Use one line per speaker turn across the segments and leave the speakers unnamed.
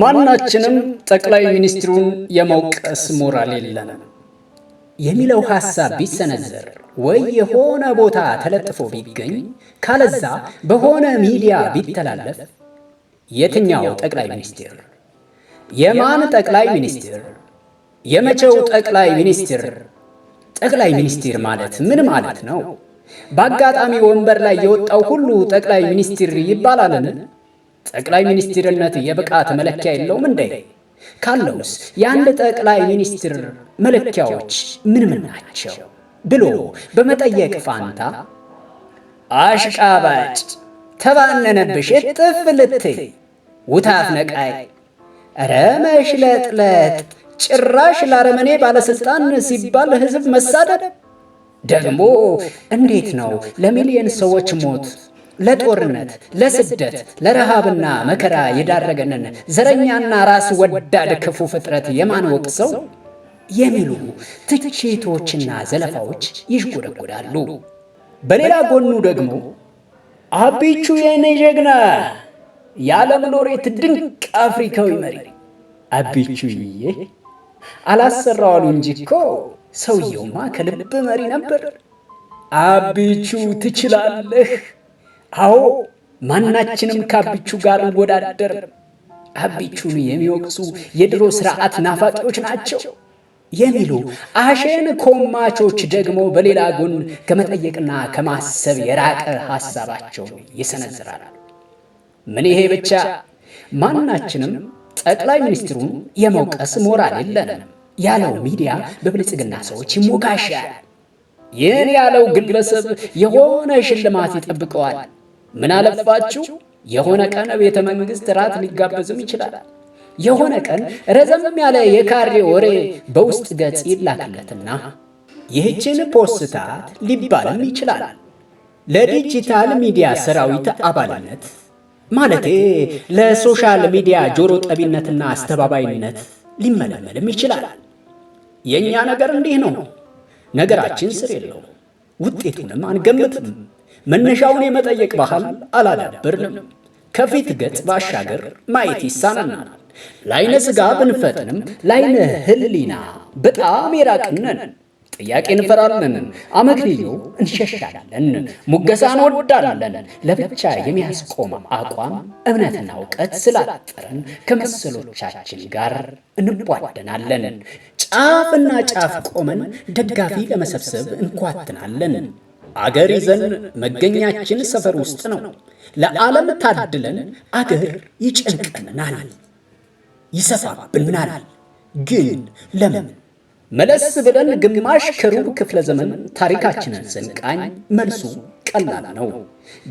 ማናችንም ጠቅላይ ሚኒስትሩን የመውቀስ ሞራል የለንም የሚለው ሐሳብ ቢሰነዘር ወይ የሆነ ቦታ ተለጥፎ ቢገኝ ካለዛ በሆነ ሚዲያ ቢተላለፍ የትኛው ጠቅላይ ሚኒስትር፣ የማን ጠቅላይ ሚኒስትር፣ የመቼው ጠቅላይ ሚኒስትር፣ ጠቅላይ ሚኒስትር ማለት ምን ማለት ነው? በአጋጣሚ ወንበር ላይ የወጣው ሁሉ ጠቅላይ ሚኒስትር ይባላልን? ጠቅላይ ሚኒስትርነት የብቃት መለኪያ የለውም እንዴ? ካለውስ የአንድ ጠቅላይ ሚኒስትር መለኪያዎች ምን ምን ናቸው ብሎ በመጠየቅ ፋንታ
አሽቃባጭ፣ ተባነነብሽ፣ እጥፍ ልትይ፣ ውታፍ ነቃይ፣ ረመሽ መሽለጥለጥ፣ ጭራሽ ላረመኔ ባለሥልጣን ሲባል ህዝብ መሳደብ
ደግሞ እንዴት ነው? ለሚሊዮን ሰዎች ሞት ለጦርነት ለስደት ለረሃብና መከራ የዳረገንን ዘረኛና ራስ ወዳድ ክፉ ፍጥረት የማንወቅ ሰው የሚሉ ትችቶችና ዘለፋዎች ይሽጎደጎዳሉ። በሌላ ጎኑ ደግሞ አቢቹ የኔ ጀግና የዓለም ሎሬት ድንቅ አፍሪካዊ መሪ አቢቹዬ አላሰራዋሉ እንጂ እኮ ሰውየውማ ከልብ መሪ ነበር። አቢቹ ትችላለህ አዎ ማናችንም ከአቢቹ ጋር እንወዳደርም። አቢቹን የሚወቅሱ የድሮ ስርዓት ናፋቂዎች ናቸው የሚሉ አሸን ኮማቾች ደግሞ በሌላ ጎን ከመጠየቅና ከማሰብ የራቀ ሐሳባቸው ይሰነዝራሉ። ምን ይሄ ብቻ፣ ማናችንም ጠቅላይ ሚኒስትሩን የመውቀስ ሞራል የለንም ያለው ሚዲያ በብልጽግና ሰዎች ይሞጋሻል። ይህን ያለው ግለሰብ የሆነ ሽልማት ይጠብቀዋል። ምን አለፋችሁ የሆነ ቀን ቤተ መንግሥት ራት ሊጋበዝም ይችላል። የሆነ ቀን ረዘም ያለ የካሬ ወሬ በውስጥ ገጽ ይላክለትና ይህችን ፖስታት ሊባልም ይችላል። ለዲጂታል ሚዲያ ሰራዊት አባልነት ማለቴ ለሶሻል ሚዲያ ጆሮ ጠቢነትና አስተባባይነት ሊመለመልም ይችላል። የእኛ ነገር እንዲህ ነው። ነገራችን ስር የለው፣ ውጤቱንም አንገምትም። መነሻውን የመጠየቅ ባህል አላዳበርንም። ከፊት ገጽ ባሻገር ማየት ይሳነናል። ለአይነ ሥጋ ብንፈጥንም ለአይነ ሕሊና በጣም የራቅነን። ጥያቄ እንፈራለን፣ አመክንዮ እንሸሻለን፣ ሙገሳ እንወዳለን። ለብቻ የሚያስቆም አቋም እምነትና እውቀት ስላጠረን ከመሰሎቻችን ጋር እንቧደናለን። ጫፍና ጫፍ ቆመን ደጋፊ ለመሰብሰብ እንኳትናለን። አገር ይዘን መገኛችን ሰፈር ውስጥ ነው። ለዓለም ታድለን አገር ይጨንቀናል፣ ይሰፋብናል። ግን ለምን መለስ ብለን ግማሽ ከሩብ ክፍለ ዘመን ታሪካችንን ስንቃኝ መልሱ ቀላል ነው።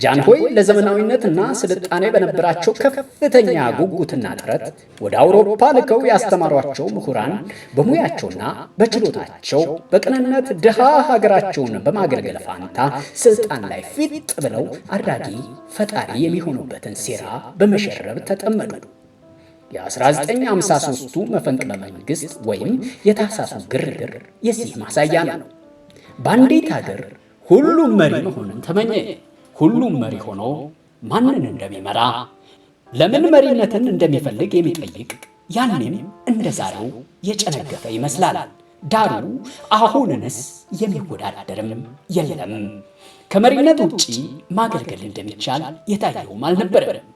ጃንሆይ ለዘመናዊነትና ስልጣኔ በነበራቸው ከፍተኛ ጉጉትና ጥረት ወደ አውሮፓ ልከው ያስተማሯቸው ምሁራን በሙያቸውና በችሎታቸው በቅንነት ድሃ ሀገራቸውን በማገልገል ፋንታ ስልጣን ላይ ፊጥ ብለው አድራጊ ፈጣሪ የሚሆኑበትን ሴራ በመሸረብ ተጠመዱ። የ1953ቱ መፈንቅለ መንግሥት ወይም የታሳሱ ግርግር የዚህ ማሳያ ነው። በአንዲት ሀገር ሁሉም መሪ መሆንን ተመኘ። ሁሉም መሪ ሆኖ ማንን እንደሚመራ ለምን መሪነትን እንደሚፈልግ የሚጠይቅ ያኔም እንደ ዛሬው የጨነገፈ ይመስላል። ዳሩ አሁንንስ የሚወዳደርም የለም። ከመሪነት ውጪ ማገልገል እንደሚቻል የታየውም አልነበረም።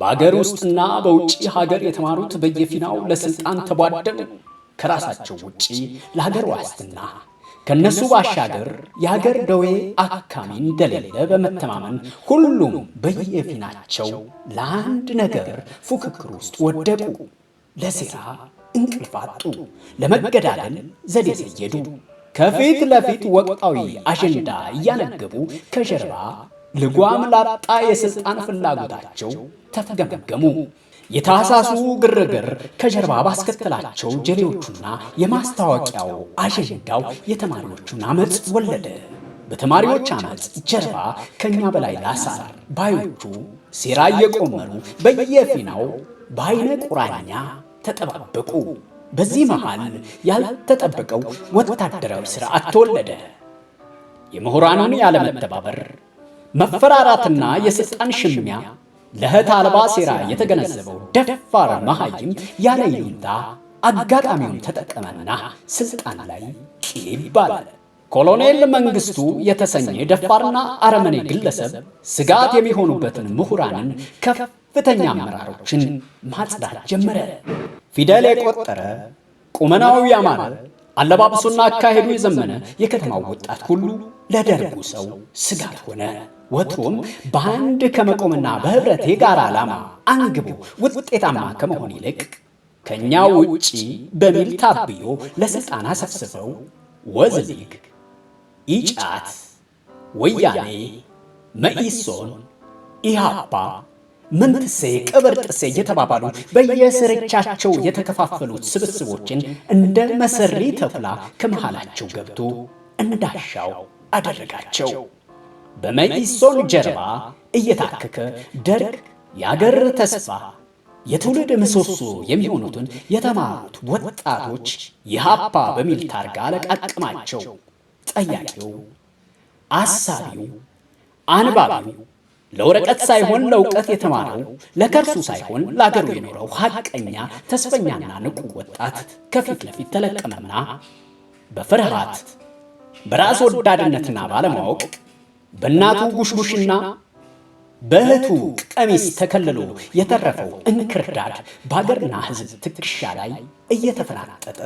በአገር ውስጥና በውጭ ሀገር የተማሩት በየፊናው ለስልጣን ተቧደኑ። ከራሳቸው ውጪ ለሀገር ዋስትና ከነሱ ባሻገር የሀገር ደዌ አካሚ እንደሌለ በመተማመን ሁሉም በየፊናቸው ለአንድ ነገር ፉክክር ውስጥ ወደቁ። ለሴራ እንቅልፍ አጡ፣ ለመገዳደል ዘዴ ሰየዱ። ከፊት ለፊት ወቅታዊ አጀንዳ እያነገቡ ከጀርባ ልጓም ላጣ የሥልጣን ፍላጎታቸው ተፍገመገሙ። የታሳሱ ግርግር ከጀርባ ባስከተላቸው ጀሌዎቹና የማስታወቂያው አጀንዳው የተማሪዎቹን አመፅ ወለደ። በተማሪዎች አመፅ ጀርባ ከእኛ በላይ ላሳር ባዮቹ ሴራ እየቆመሩ በየፊናው በአይነ ቁራኛ ተጠባበቁ። በዚህ መሃል ያልተጠበቀው ወታደራዊ ስርዓት ተወለደ። የምሁራኑን ያለመተባበር መፈራራትና የሥልጣን ሽሚያ ለእህት አልባ ሴራ የተገነዘበው ደፋር መሐይም ያለ ይሁንታ አጋጣሚውን ተጠቀመና ስልጣን ላይ ቂብ ይባላል። ኮሎኔል መንግስቱ የተሰኘ ደፋርና አረመኔ ግለሰብ ስጋት የሚሆኑበትን ምሁራንን፣ ከፍተኛ አመራሮችን ማጽዳት ጀመረ። ፊደል የቆጠረ ቁመናዊ ያማረ አለባበሱና አካሄዱ የዘመነ የከተማው ወጣት ሁሉ ለደርጉ ሰው ስጋት ሆነ። ወትሮም በአንድ ከመቆምና በህብረት የጋራ ዓላማ አንግቦ ውጤታማ ከመሆን ይልቅ ከእኛ ውጪ በሚል ታብዮ ለሥልጣን አሰብስበው ወዝሊግ፣ ኢጫት፣ ወያኔ፣ መኢሶን፣ ኢሃፓ ምን ጥሴ ቅብር ጥሴ እየተባባሉ በየስርቻቸው የተከፋፈሉት ስብስቦችን እንደ መሰሪ ተኩላ ከመሃላቸው ገብቶ እንዳሻው አደረጋቸው። በመኢሶን ጀርባ እየታከከ ደርግ የአገር ተስፋ የትውልድ ምሰሶ የሚሆኑትን የተማሩት ወጣቶች የሀፓ በሚል ታርጋ ለቃቅማቸው ጠያቂው፣ አሳቢው፣ አንባቢው ለወረቀት ሳይሆን ለእውቀት የተማረው ለከርሱ ሳይሆን ለአገሩ የኖረው ሐቀኛ ተስፈኛና ንቁ ወጣት ከፊት ለፊት ተለቀመና በፍርሃት በራስ ወዳድነትና ባለማወቅ በእናቱ ጉሽጉሽና በእህቱ ቀሚስ ተከልሎ የተረፈው እንክርዳድ በአገርና ሕዝብ ትከሻ ላይ እየተፈናጠጠ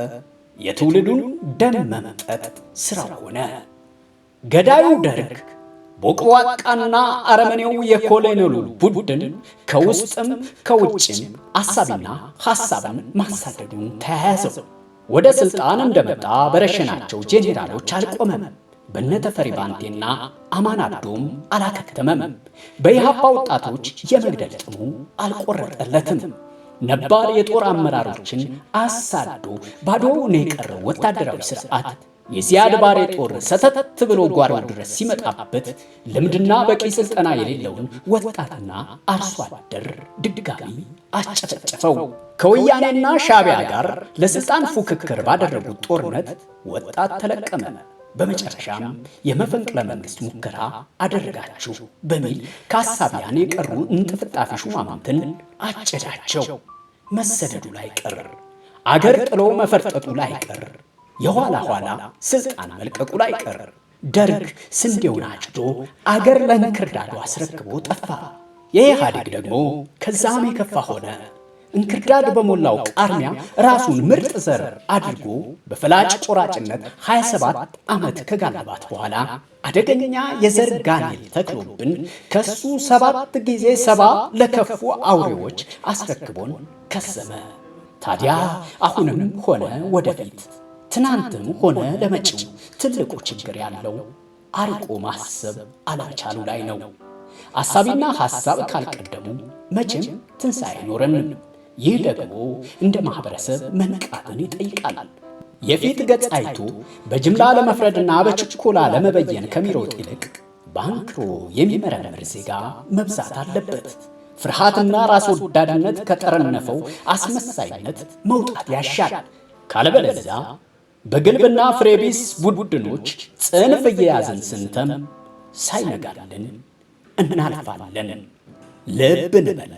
የትውልዱን ደም መምጠጥ ሥራ ሆነ። ገዳዩ ደርግ ቦቅቧቃና አረመኔው የኮሎኔሉ ቡድን ከውስጥም ከውጭም አሳብና ሐሳብን ማሳደዱን ተያያዘው። ወደ ሥልጣን እንደመጣ በረሸናቸው ጄኔራሎች አልቆመም። በነተፈሪ ባንቴና አማን አብዶም አላከተመም። በኢህአፓ ወጣቶች የመግደል ጥሙ አልቆረጠለትም። ነባር የጦር አመራሮችን አሳዶ ባዶውን የቀረው ወታደራዊ ስርዓት የዚያድ ባሬ ጦር ሰተት ብሎ ጓሮ ድረስ ሲመጣበት ልምድና በቂ ስልጠና የሌለውን ወጣትና አርሶ አደር ድጋሚ አስጨፈጨፈው። ከወያኔና ሻቢያ ጋር ለስልጣን ፉክክር ባደረጉት ጦርነት ወጣት ተለቀመ። በመጨረሻም የመፈንቅለ መንግስት ሙከራ አደረጋችሁ በሚል ከአሳቢያን የቀሩ እንጥፍጣፊ ሹማምንትን አጨዳቸው። መሰደዱ ላይ ቀር፣ አገር ጥሎ መፈርጠጡ ላይ ቀር የኋላ ኋላ ስልጣን መልቀቁ ላይ ቀር ደርግ ስንዴውን አጭዶ አገር ለእንክርዳዱ አስረክቦ ጠፋ። የኢህአዴግ ደግሞ ከዛም የከፋ ሆነ። እንክርዳድ በሞላው ቃርሚያ ራሱን ምርጥ ዘር አድርጎ በፈላጭ ቆራጭነት 27 ዓመት ከጋለባት በኋላ አደገኛ የዘር ጋኔል ተክሎብን ከሱ ሰባት ጊዜ ሰባ ለከፉ አውሬዎች አስረክቦን ከሰመ። ታዲያ አሁንም ሆነ ወደፊት ትናንትም ሆነ ለመጪው ትልቁ ችግር ያለው አርቆ ማሰብ አለመቻሉ ላይ ነው። አሳቢና ሐሳብ ካልቀደሙ መቼም ትንሣኤ አይኖረንም። ይህ ደግሞ እንደ ማኅበረሰብ መንቃትን ይጠይቃል። የፊት ገጽ አይቶ በጅምላ ለመፍረድና በችኮላ ለመበየን ከሚሮጥ ይልቅ በአንክሮ የሚመረምር ዜጋ መብዛት አለበት። ፍርሃትና ራስ ወዳድነት ከጠረነፈው አስመሳይነት መውጣት ያሻል። ካለበለዚያ በግልብና ፍሬቢስ ቡድኖች ጽንፍ እየያዝን ስንተም ሳይነጋልን እናልፋለን። ልብ እንበል።